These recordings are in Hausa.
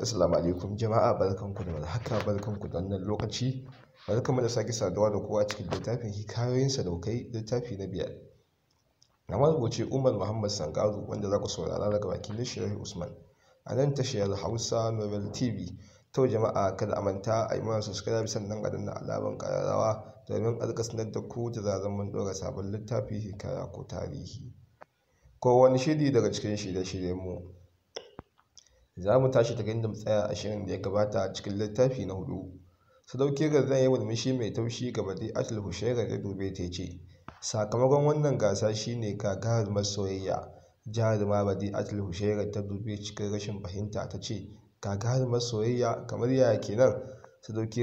Assalamu alaikum jama'a barkanku da haka barkanku da wannan lokaci barkanmu da sake saduwa da kowa cikin littafin hikayoyin sadaukai littafi na biyar na marubuci Umar Muhammad Sangaru, wanda za ku saurara daga bakin Nishirahi Usman a nan tashiyar Hausa Novel TV to jama'a kada a manta a yi mana subscribe sannan a danna alamar kararrawa domin alka sanar da ku da zaran mun ɗora sabon littafi hikaya ko tarihi ko wani shiri daga cikin shirye-shiryen mu za mu tashi ta inda mu tsaya a shirin da ya gabata a cikin littafi na hudu sadauki yi ya murmushi mai taushi ga badi atul Hushaira ya dube ta ce sakamakon wannan gasa shine gagarumar soyayya Jihar badi atul hushairar ta dube cikin rashin fahimta ta ce gahar soyayya kamar yaya kenan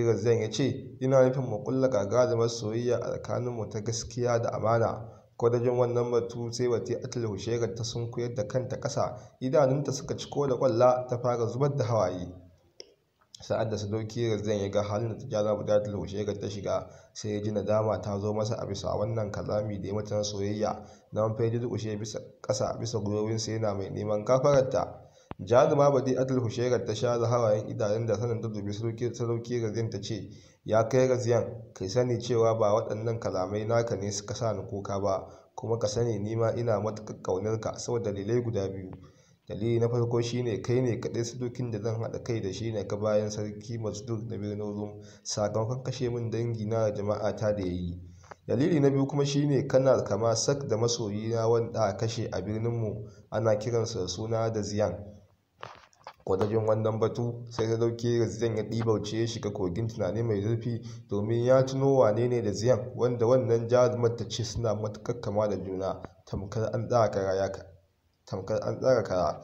ga zai ya ce ina nufin mu kulla gahar soyayya a tsakaninmu ta gaskiya da amana kwadajin wannan batu sai wata atil ga ta koyar da kanta kasa idanunta suka ci ko da kwalla ta fara zubar da hawaye sa'ad da doki zan ya ga halin da ta jara budatul ga ta shiga sai ya ji nadama ta zo masa a bisa wannan kalami da ya na soyayya na fa ya durƙushe bisa ƙasa bisa sai yana mai neman kafararta jaruma badi'atul hushairar ta share hawayen idanun da sanin dubi sarauki raziyan ta ce ya kai raziyan kai sani cewa ba waɗannan kalamai naka ne suka sa ni kuka ba kuma ka sani ni ma ina matuƙar ƙaunar ka saboda dalilai guda biyu dalili na farko shine kai ne kaɗai sadokin da zan haɗa kai da shi ne ka bayan sarki masudur da birnin rum sakamakon kashe min dangi na jama'a ta da ya yi dalili na biyu kuma shine kana kama sak da masoyi na wanda kashe a birninmu ana kiransa suna da ziyan kwadajin wannan batu sai ta ga zan ya ɗibauce ya shiga kogin tunani mai zurfi domin ya tuno wane ne da Ziyan wanda wannan jarumar ta ce suna matuƙar kama da juna tamkar an tsara kara.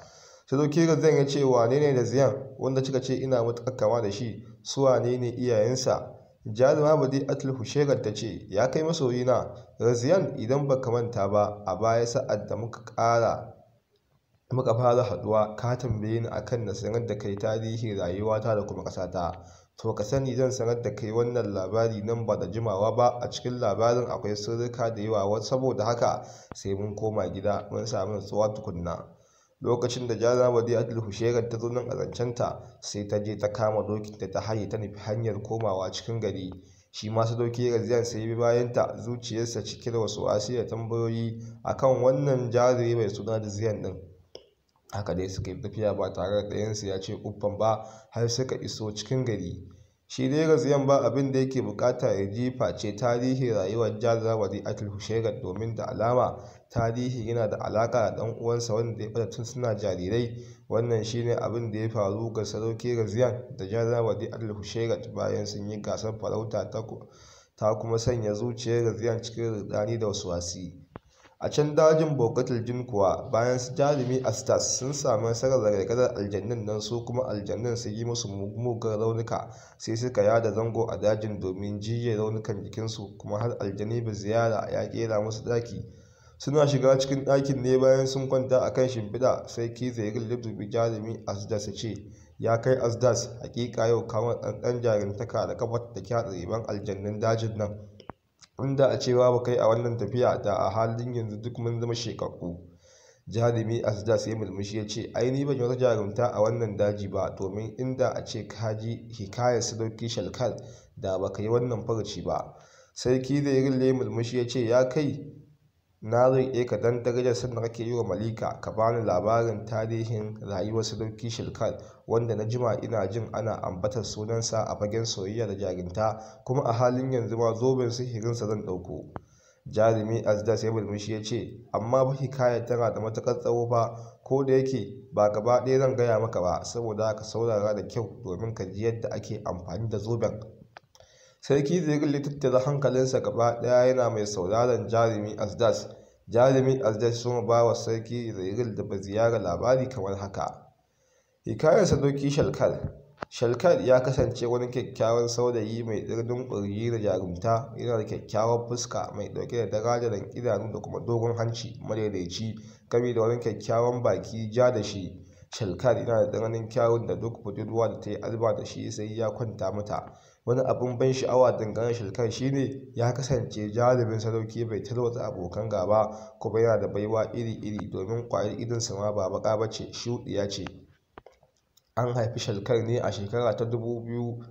dauke ga zan ya ce wane ne da Ziyan wanda kika ce ina matukar kama da shi su wane ne iyayensa. Jaruma Badi Atul Husherar ta ce ya kai masoyina raziyan idan baka manta ba a baya sa'ad da muka ƙara muka fara haɗuwa ka tambaye ni akan na sanar da kai tarihin rayuwata da kuma ƙasata to ka sani zan sanar da kai wannan labari nan ba da jimawa ba a cikin labarin akwai sirrika da yawa saboda haka sai mun koma gida mun samu nutsuwa tukunna lokacin da jara wadiyatul hushairar ta zo nan a zancenta sai ta je ta kama da ta haye ta nufi hanyar komawa cikin gari shi ma ga raziyan sai bi bayanta zuciyarsa cike da wasu asiya tambayoyi akan wannan jarumi mai suna da ziyan din haka dai suka yi tafiya ba tare da ɗayansu ya ce uffan ba har suka iso cikin gari shi dai ziyan ba abin da yake bukata ya ji face tarihi rayuwar jazawari wa atul hushegar domin da alama tarihi yana da alaka da dan uwansa wanda ya bada tun suna jarirai wannan shine abin da ya faru ga sarauki ziyan da jazawari atul hushegar bayan sun yi gasar farauta ta kuma sanya zuciyar ziyan cikin rudani da wasu wasi a can dajin bokatul jin kuwa bayan su jarumi astas sun sami nasarar zargadar aljannin nan su kuma aljannin su yi musu mugun raunuka sai suka yada zango a dajin domin jiye raunukan jikinsu kuma har aljani ba ziyara ya kera musu daki suna shiga cikin ɗakin ne bayan sun kwanta a kan shimfiɗa sai kiza ya jarumi asdas ce ya kai asdas hakika yau kawon ɗanɗan jarintaka da kafa da kyaɗa riban aljannin dajin nan inda a cewa ba kai a wannan tafiya da a halin yanzu duk mun zama shekakku jarumi asda sai mulmushi ya ce ai ni ban wata jarumta a wannan daji ba domin inda a ce kaji su sadauki shalkal da baka yi wannan farci ba sarki da ya rille mulmushi ya ce ya kai na iya ka dan darajar sanda kake yi wa malika ka bani labarin tarihin rayuwar sadauki shilkal wanda na jima ina jin ana ambatar sunansa a fagen soyayya da jarinta kuma a halin yanzu ma zoben sihirinsa zan ɗauko jarumi azda ya bulmushi ya ce amma ba hikaya tana da matuƙar tsawo ba ko da yake ba gaba ɗaya zan gaya maka ba saboda ka saurara da kyau domin ka ji yadda ake amfani da zoben sarki zirgin tattara hankalinsa gaba daya yana mai sauraron jarumi asdas jarumi asdas sun ba wa sarki zirgin da ba ziyara labari kamar haka hikayar sadauki shalkar shalkar ya kasance wani kyakkyawan saurayi mai ɗirnin ƙurgi da jarumta yana da kyakkyawar fuska mai ɗauke da darajaran idanu da kuma dogon hanci madaidaici gami da wani kyakkyawan baki ja da shi shalkar yana da tsananin kyawun da duk budurwa da ta yi alba da shi sai ya kwanta mata wani abin ban sha'awa dangane shi ne ya kasance jalibin sadauki bai tarwata abokan gaba kuma yana da baiwa iri-iri domin kwayar idonsa ma ba baka ba ce shuɗiya ce an haifi shalkar ne a shekara ta dubu biyu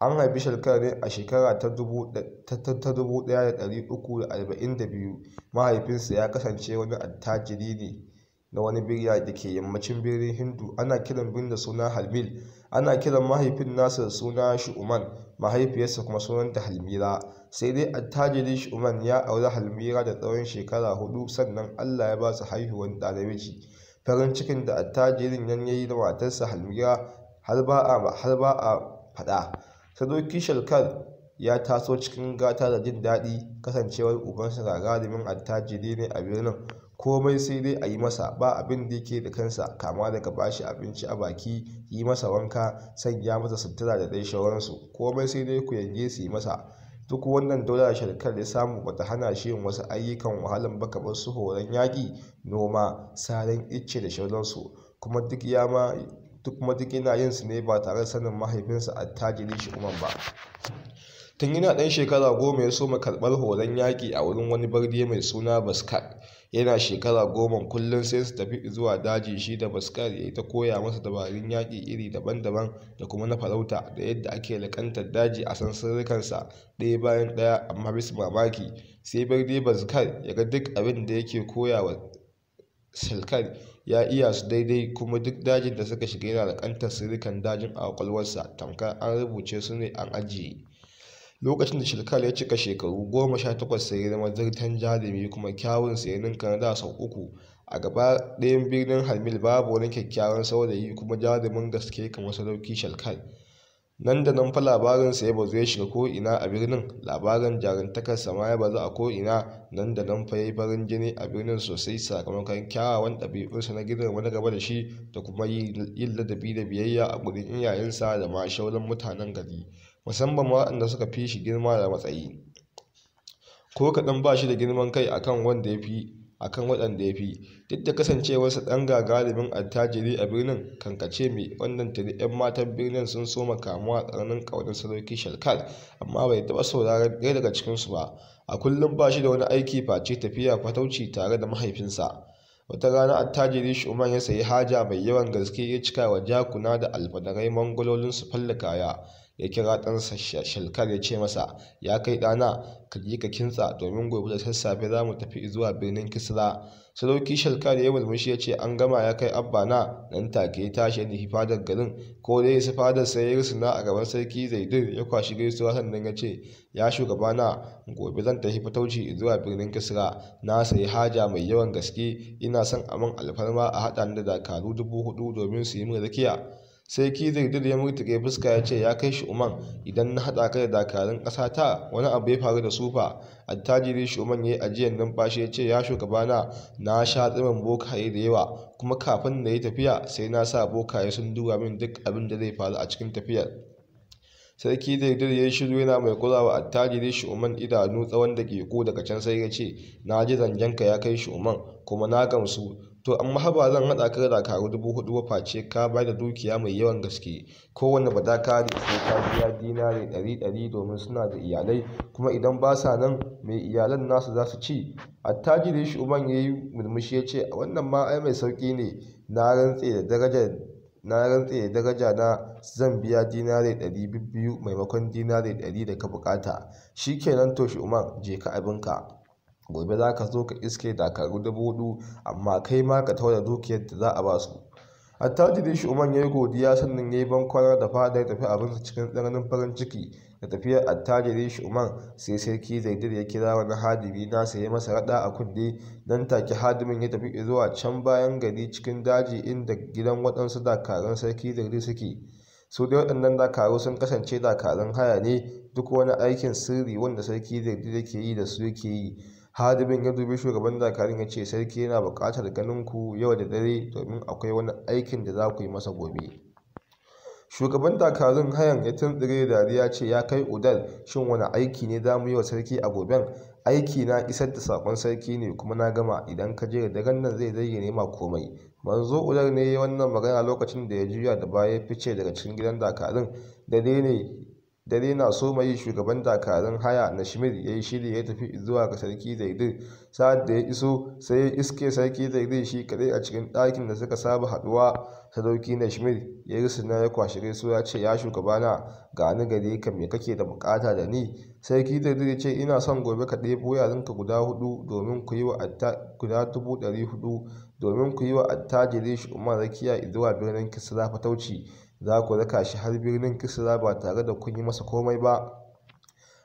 an haifi shalkar ne a shekara ta 1342 mahaifinsa ya kasance wani attajiri ne na wani birya da ke yammacin birnin hindu ana kiran birnin da suna halmil ana kiran mahaifin nasa da suna shu'uman mahaifiyarsa kuma sunan sunanta halmira sai dai attajiri shu'uman ya auri halmira da tsawon shekara hudu sannan allah ya ba su haihuwan ɗa namiji farin cikin da attajirin nan ya yi da matarsa halmira har ba a faɗa sadoki shalkar ya taso cikin gata da jin daɗi kasancewar ubansa gagarumin attajiri ne a birnin komai sai dai a yi masa ba abin da yake da kansa kama daga bashi abinci a baki yi masa wanka sanya masa sutura da dai shauransu komai sai dai ku yange su yi masa duk wannan dole da shirkar ya samu bata hana shi yin wasu ayyukan wahalan ba kamar su horon yaƙi noma saran icce da shauransu kuma duk ya ma duk kuma duk yana yin su ne ba tare da sanin mahaifinsa attajiri shi umar ba tun yana ɗan shekara goma ya soma karɓar horon yaƙi a wurin wani barde mai suna baskat yana shekara goma kullum sai su tafi zuwa daji shi da baskar ya yi ta koya masa dabarun yaƙi iri daban-daban da kuma na farauta da yadda ake lakantar daji a san sirrikansa ɗaya bayan ɗaya amma bisa mamaki sai birni baskar ya ga duk abin da yake koya wa silkar ya iya su daidai kuma duk dajin da suka shiga yana lakantar sirrikan dajin a kwakwalwarsa tamkar an rubuce su ne an ajiye lokacin da shilkal ya cika shekaru goma sha takwas sai ya zama zartan jarumi kuma kyawun sayanin ya sau uku a gaba ɗayan birnin halmil babu wani kyakkyawan saurayi kuma jarumin gaske kamar sadauki shalkal nan da nan fa labarinsa ya bazu ya shiga ko'ina a birnin labarin jarintakar ma ya bazu a ko'ina nan da nan fa ya yi farin jini a birnin sosai sakamakon kyawawan ɗabi'unsa na gidan wani gaba da shi da kuma yin ladabi da biyayya a gudun iyayensa da ma shauran mutanen gari musamman waɗanda suka fi shi girma da matsayi ko kaɗan ba shi da girman kai akan wanda ya fi kan waɗanda ya fi duk da kasancewarsa ɗan ga gagarumin attajiri a birnin kankace mai wannan tare, 'yan matan birnin sun soma kamuwa tsananin ƙaunar sarauki shalkar amma bai taɓa sauraron ɗaya daga cikinsu ba a kullum ba shi da wani aiki face tafiya fatauci tare da mahaifinsa wata rana attajiri shuman ya sayi haja mai yawan gaske ya cika wa jakuna da alfadarai mangololinsu falla kaya ya kira ɗansa shalkar ya ce masa ya kai ɗana ka je ka kintsa domin gobe da sassafe za mu tafi zuwa birnin kisra sarauki shalkar ya mulmushi ya ce an gama ya kai abba na nan take ya tashi ya nufi fadar garin ko dai su fadar sai ya rusuna a gaban sarki zaidun ya kwashi gaisuwa sannan ya ce ya shugabana gobe zan tafi fatauci zuwa birnin kisra na sayi haja mai yawan gaske ina son a man alfarma a haɗa da dakaru dubu hudu domin su yi min rakiya sai zai da ya ga fuska ya ce ya kai shi uman idan na haɗa kai da dakarun kasa ta wani abu ya faru da sufa attajiri shi uman ya yi ajiyar numfashi ya ce ya shugabana na sha tsimin bokaye da yawa kuma kafin na yi tafiya sai na sa bokaye sun duba min duk abin da zai faru a cikin tafiyar sarki daidar ya yi shiru yana mai kurawa attajiri shuman idanu tsawon da ke ko daga can sai ya ce na ji zanjanka ya kai shi shuman kuma na gamsu to an ha ba zan haɗa ka da dakaru dubu hudu ba face ka ba da dukiya mai yawan gaske kowane ka da sai ka biya dinare ɗari ɗari domin suna da iyalai kuma idan ba sa nan mai iyalan nasu za su ci attajiri uban ya yi murmushi ya ce wannan ma ai mai sauƙi ne na rantse da daraja na rantse da daraja na zan biya dinare ɗari biyu maimakon dinare ɗari da ka buƙata shikenan to shi uman je ka abinka gobe za ka zo ka iske dakaru dubu hudu amma kai ma ka taura dukiyar da za a ba su attajiri shi umar ya yi godiya sannan ya yi bankwarar da fada ya tafi abinsa cikin tsananin farin ciki da tafiyar attajiri shi umar sai sarki zaidir ya kira wani hadimi na ya masa rada a kunne dan take hadimin ya tafi zuwa can bayan gari cikin daji inda gidan waɗansu dakarun sarki zaidir suke su da waɗannan dakaru sun kasance dakarun haya ne duk wani aikin sirri wanda sarki zaidir yake yi da su yake yi hadimin ya dubi shugaban dakarun ya ce sarki yana bukatar ganin ku yau da dare domin akwai wani aikin da za ku yi masa gobe shugaban dakarun hayan ya tuntsire dariya ce ya kai udal shin wani aiki ne za mu yi wa sarki a goben aiki na isar da sakon sarki ne kuma na gama idan ka je da nan zai zai ma komai manzo udar ne wannan magana lokacin da ya juya da baya fice daga cikin gidan dakarun da dai ne dare na so mai shugaban dakarun haya na shimir ya yi shiri ya tafi zuwa ga sarki daidai sa'ad da ya iso sai ya iske sarki daidai shi kadai a cikin dakin da suka saba haɗuwa sadauki na shimir ya yi suna ya kwashe gaisuwa ya ce ya shugabana ga ni gari ka me kake da bukata da ni sarki daidai ya ce ina son gobe ka ɗebo ka guda hudu domin ku yi wa guda dubu ɗari hudu domin ku yi wa attajiri shi umar rakiya zuwa birnin kisra fatauci za ku raka shi har birnin kisra ba tare da kun yi masa komai ba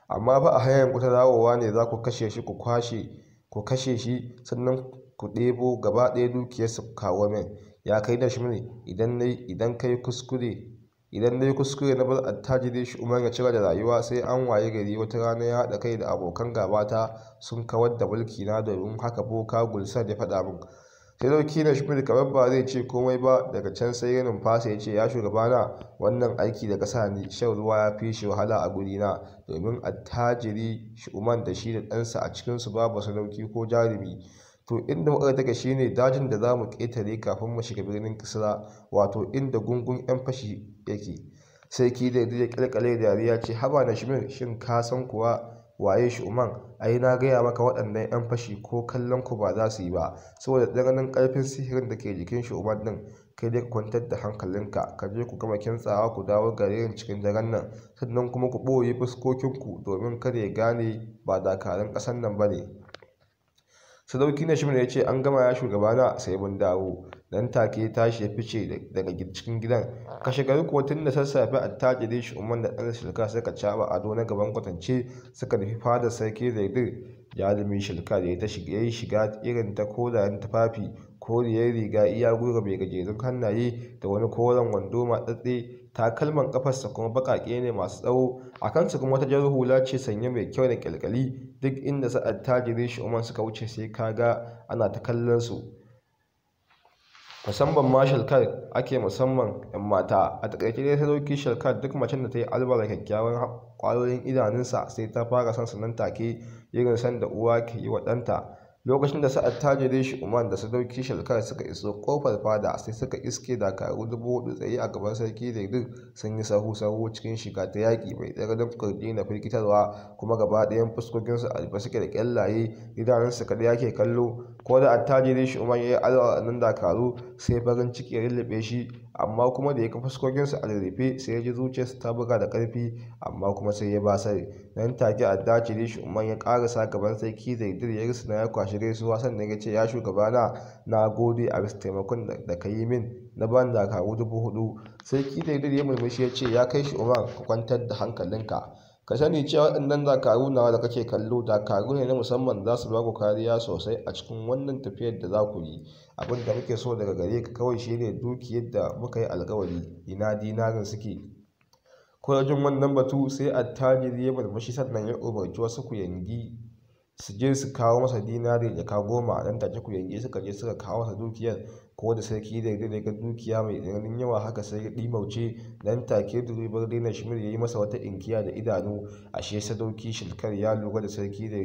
amma ba a hanyar ku ta dawowa ne za ku kashe shi ku kwashe ku kashe shi sannan ku ɗebo gaba ɗaya dukiyarsa su kawo min ya kai da shi mini idan idan kai kuskure na bar attajiri shi umar ya cire da rayuwa sai an waye gari wata rana ya haɗa kai da abokan gaba ta sun kawar da mulki na domin haka boka gulsar ya faɗa min sai dauki na kamar ba zai ce komai ba daga can sai ya numfasa ya ce ya shugabana wannan aiki da kasa ni shan ruwa ya fi shi wahala a gurina domin attajiri shuman da shi da ɗansa a cikinsu babu sadauki ko jarumi to inda muka shi ne dajin da za mu ƙetare kafin mu shiga birnin kisra wato inda gungun 'yan fashi yake sai ki da ya dariya ce haba na shin ka san kuwa waye shi uman ai na gaya maka waɗannan 'yan fashi ko kallon ku ba za su yi ba saboda ɗanganin ƙarfin sihirin da ke jikin shi umar ɗin kai dai ka kwantar da hankalinka ka je ku gama kintsawa ku dawo garin cikin daren nan sannan kuma ku ɓoye fuskokinku domin kada ya gane ba dakarun ƙasar nan ba ne sadauki na shimin ya ce an gama ya shugabana sai mun dawo dan take ta tashi ya fice daga cikin gidan kashe gari kuwa da sassafe attajiri shi umar da ɗan shilka suka caba ado na gaban kwatance suka nufi fada sarki zaidir jarumin shilka da ya yi shiga irin ta ko tufafi koriyar riga iya gura mai gajerun hannaye da wani koren wando matsatse takalman kafarsa kuma baƙaƙe ne masu tsawo a kansa kuma wata jar hula ce sanye mai kyau da kyalkyali duk inda sa'ad tajirin shi umar suka wuce sai kaga ana ta kallon su musamman ma shalkar ake musamman 'yan mata a takaice dai sadauki shalkar duk macen da ta yi albara kyakkyawan kwayoyin idanunsa sai ta fara son nan take irin san da uwa ke yi wa ɗanta lokacin da sa'ad ta attajiri shi umar da sadauki shalkar suka iso kofar fada sai suka iske dakaru dubu hudu tsaye a gaban sarki da duk sun yi sahu sahu cikin shiga ta yaƙi mai tsere da fukar dina firgitarwa kuma gaba ɗaya fuskokinsu a rufe suke da ƙyallaye idanunsu kaɗai yake kallo ko da attajiri shi umar ya yi alwar nan dakaru sai farin ciki ya lullube shi amma kuma da ya ka fuskokinsu a rufe sai ya ji zuciyarsa ta buga da ƙarfi amma kuma sai ya ba sai nan take da shi umar ya ƙarasa gaban sarki da ya na ya kwashe shi wasan sannan ya ce ya shugaba na gode a bisa taimakon da ka yi min na ban da kawo dubu hudu sai da ya murmushi ya ce ya kai shi umar ka kwantar da hankalinka ka sani cewa waɗannan dakaru nawa da kake kallo dakaru ne na musamman za su baku kariya sosai a cikin wannan tafiyar da za ku yi abin da muke so daga gare ka kawai shi ne dukiyar da muka yi alkawari ina dinarin suke ko jin wannan batu sai attajiri ya murmushi sannan ya umarci wasu ku yangi su je su kawo masa dinari jaka goma a ɗanta ku yanke suka je suka kawo masa dukiyar ko da sarki da ya ga dukiya mai tsananin yawa haka sai ya ɗimauce dan take duribar daina shimir ya yi masa wata inkiya da idanu ashe sadauki shilkar ya lura da sarki da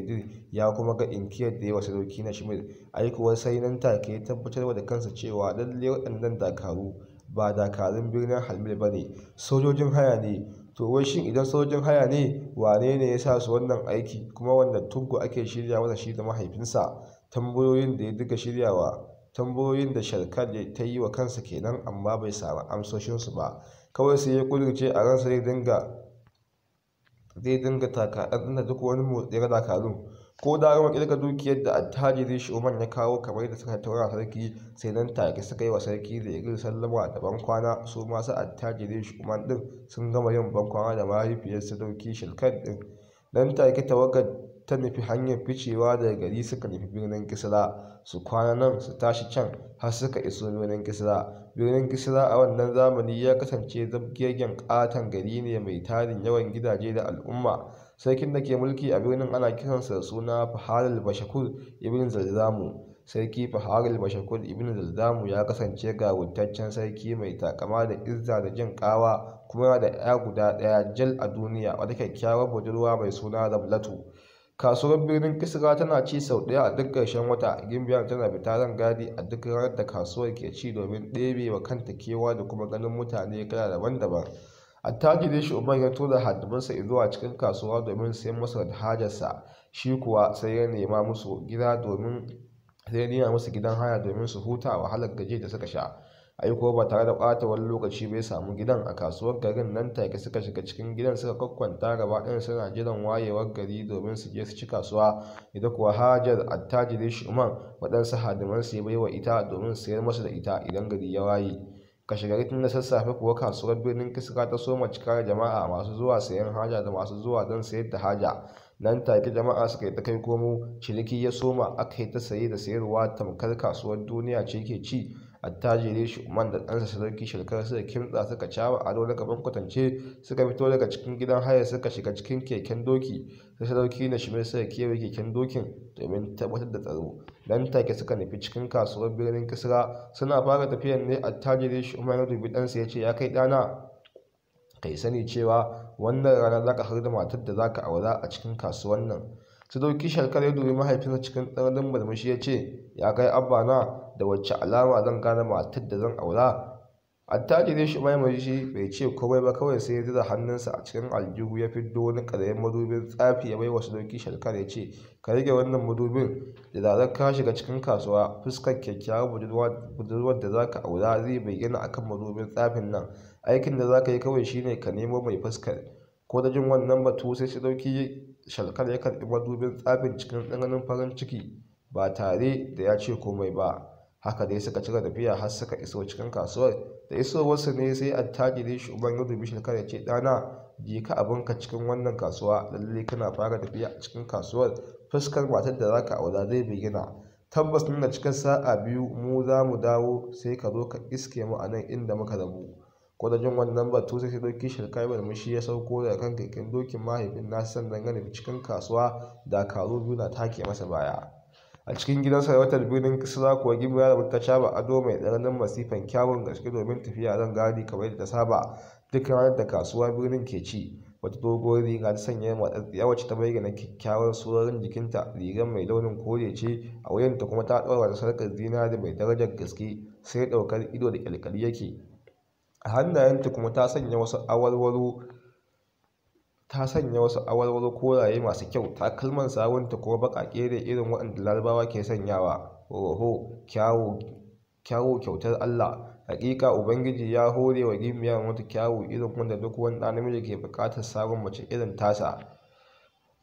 ya kuma ga inkiyar da yawa sadauki na shimir aikuwar sai nan take ya tabbatar da kansa cewa lallai waɗannan dakaru ba dakarun birnin halmil ba ne sojojin haya ne to wai shin idan sojin haya ne wane ne ya sa su wannan aiki kuma wannan tunku ake shirya masa shi da mahaifinsa tambayoyin da ya duka shiryawa tambayoyin da sharkar ta yi wa kansa kenan amma bai samu amsoshinsu ba kawai sai ya kudurce a ransa zai dinga zai dinga duk wani motsi ga dakarun ko da rama kirga dukiyar da attajiri shoman ya kawo kamar da suka taura sarki sai nan take suka yi wa sarki da igil sallama da bankwana su masu attajiri shoman din sun gama yin bankwana da mahaifiyarsa dauki shilkan din nan take tawagar ta nufi hanyar ficewa daga gari suka nufi birnin kisra su kwana nan su tashi can har suka iso birnin kisra birnin kisra a wannan zamani ya kasance zabgegen katon gari ne mai tarin yawan gidaje da al'umma sarkin da ke mulki a birnin ana kiransa suna faharul bashakur ibn zalzamu sarki faharul bashakur ibn zalzamu ya kasance wutaccen sarki mai takama da izza da jin kawa kuma da ya guda daya jal a duniya wata kyakkyawar budurwa mai suna rablatu kasuwar birnin kisra tana ci sau ɗaya a duk ƙarshen wata gimbiyan tana fita ran gadi a duk ranar da kasuwar ke ci domin ɗebe wa kanta kewa da kuma ganin mutane kala daban-daban attajiri shi umar ya tura hadimansa a cikin kasuwa domin sayan masa da hajarsa shi kuwa sai ya nema musu gida domin sai ya nema musu gidan haya domin su huta wahalar gaji da suka sha aiko ba tare da ɓata wani lokaci bai samu gidan a kasuwar garin nan take suka shiga cikin gidan suka kwakwanta gaba suna jiran wayewar gari domin su je su ci kasuwa ita kuwa hajar attajiri shuman waɗansu hadiman su bai wa ita domin sayar masu da ita idan gari ya waye kashegari tun da sassafe kuwa kasuwar birnin kiska ta soma cikar jama'a masu zuwa sayan haja da masu zuwa don sayar da haja nan take jama'a suka yi ta kai komo ciniki ya soma aka yi ta saye da sayarwa tamkar kasuwar duniya ce ke ci attajiri umar da ɗansa sadauki shirkar suka kimtsa suka cawa ado na gaban kwatance suka fito daga cikin gidan haya suka shiga cikin keken doki sai sadauki na shimir suka kewaye keken dokin domin tabbatar da tsaro dan take suka nufi cikin kasuwar birnin kisra suna fara tafiyar ne attajiri umar ya dubi ɗansa ya ce ya kai ɗana kai sani cewa wannan rana zaka ka da matar da zaka aura a cikin kasuwan nan sadauki sharkar ya dubi mahaifinsa cikin tsananin murmushi ya ce ya kai abba na da wacce alama zan gane matar da zan aura attajiri shi mai mashi bai ce komai ba kawai sai ya zira hannunsa a cikin aljihu ya fi wani ƙaramin madubin tsafi ya bai wa sadauki shalkar ya ce ka rage wannan madubin da zarar ka shiga cikin kasuwa fuskar kyakkyawar budurwar da zaka aura zai bayyana akan madubin tsafin nan aikin da zaka yi kawai shine ka nemo mai fuskar ko da jin wannan batu sai sadauki shalkar ya karɓi madubin tsafin cikin tsananin farin ciki ba tare da ya ce komai ba haka dai suka cika tafiya har suka iso cikin kasuwar da wasu ne sai shi shugaban ya dubi shirka ya ce ɗana je ka abinka cikin wannan kasuwa lalle kana fara tafiya a cikin kasuwar fuskar matar da zaka aura zai bayyana tabbas nuna cikin sa'a biyu mu za mu dawo sai ka zo ka iske mu a nan inda muka rabu ko da jin wannan batu sai doki shirkaibar mushi ya sauko daga kan kankin dokin mahaifin nasu sannan gani cikin kasuwa da karo biyu na take masa baya a cikin gidan sarautar birnin kisra kuwa gimbiya da ta shaba ado mai tsananin masifan kyawun gaske domin tafiya zan gadi kamar yadda ta saba duk ranar da kasuwa birnin ke ci wata dogon riga ta sanya matsatsiya wacce ta bayyana kyakkyawar surorin jikinta rigar mai launin kore ce a wuyanta kuma ta ɗora da sarkar zinari mai darajar gaske sai ɗaukar ido da kyalkyali yake a hannayenta kuma ta sanya wasu awarwaro ta sanya wasu awarwaro koraye masu kyau takalman sawunta kuma baƙaƙe da irin waɗanda larabawa ke sanyawa oho kyawu kyautar allah haƙiƙa ubangiji ya hore wa gimiyar wata kyawo irin wanda duk wani namiji ke buƙatar sabon mace irin tasa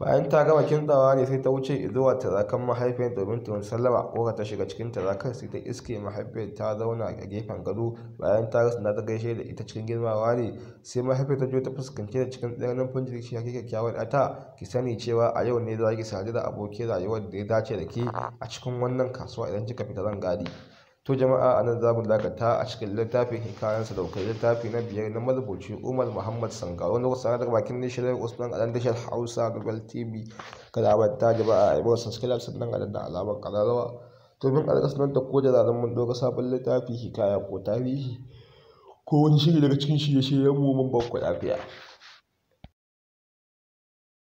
bayan ta gama kintsawa ne sai ta wuce zuwa tazakan mahaifiyar domin ta sallama ko ta shiga cikin tarakar sai ta iske mahaifiyar ta zauna a gefen gado bayan ta na ta gaishe da ita cikin girmawa ne sai mahaifiyar ta jo ta fuskanci da cikin tsananin funjiri shi hakika kyakkyawar ata ki sani cewa a yau ne za ki sadu da abokin rayuwar da ya dace da ke a cikin wannan kasuwa idan kika fita zan gadi to jama'a a nan zamu dakata a cikin littafin hikayen sadaukai littafi na biyar na marubuci umar muhammad sangawa wanda kusa da bakin nishirar usman adan tashar hausa Global tv kalamar ta jama'a a ibo subscribe sannan adan da alamar kalarawa domin a nan da ko da zanen mun ɗauka sabon littafi hikaya ko tarihi ko wani shiri daga cikin shirye-shiryen mu mun bakwa lafiya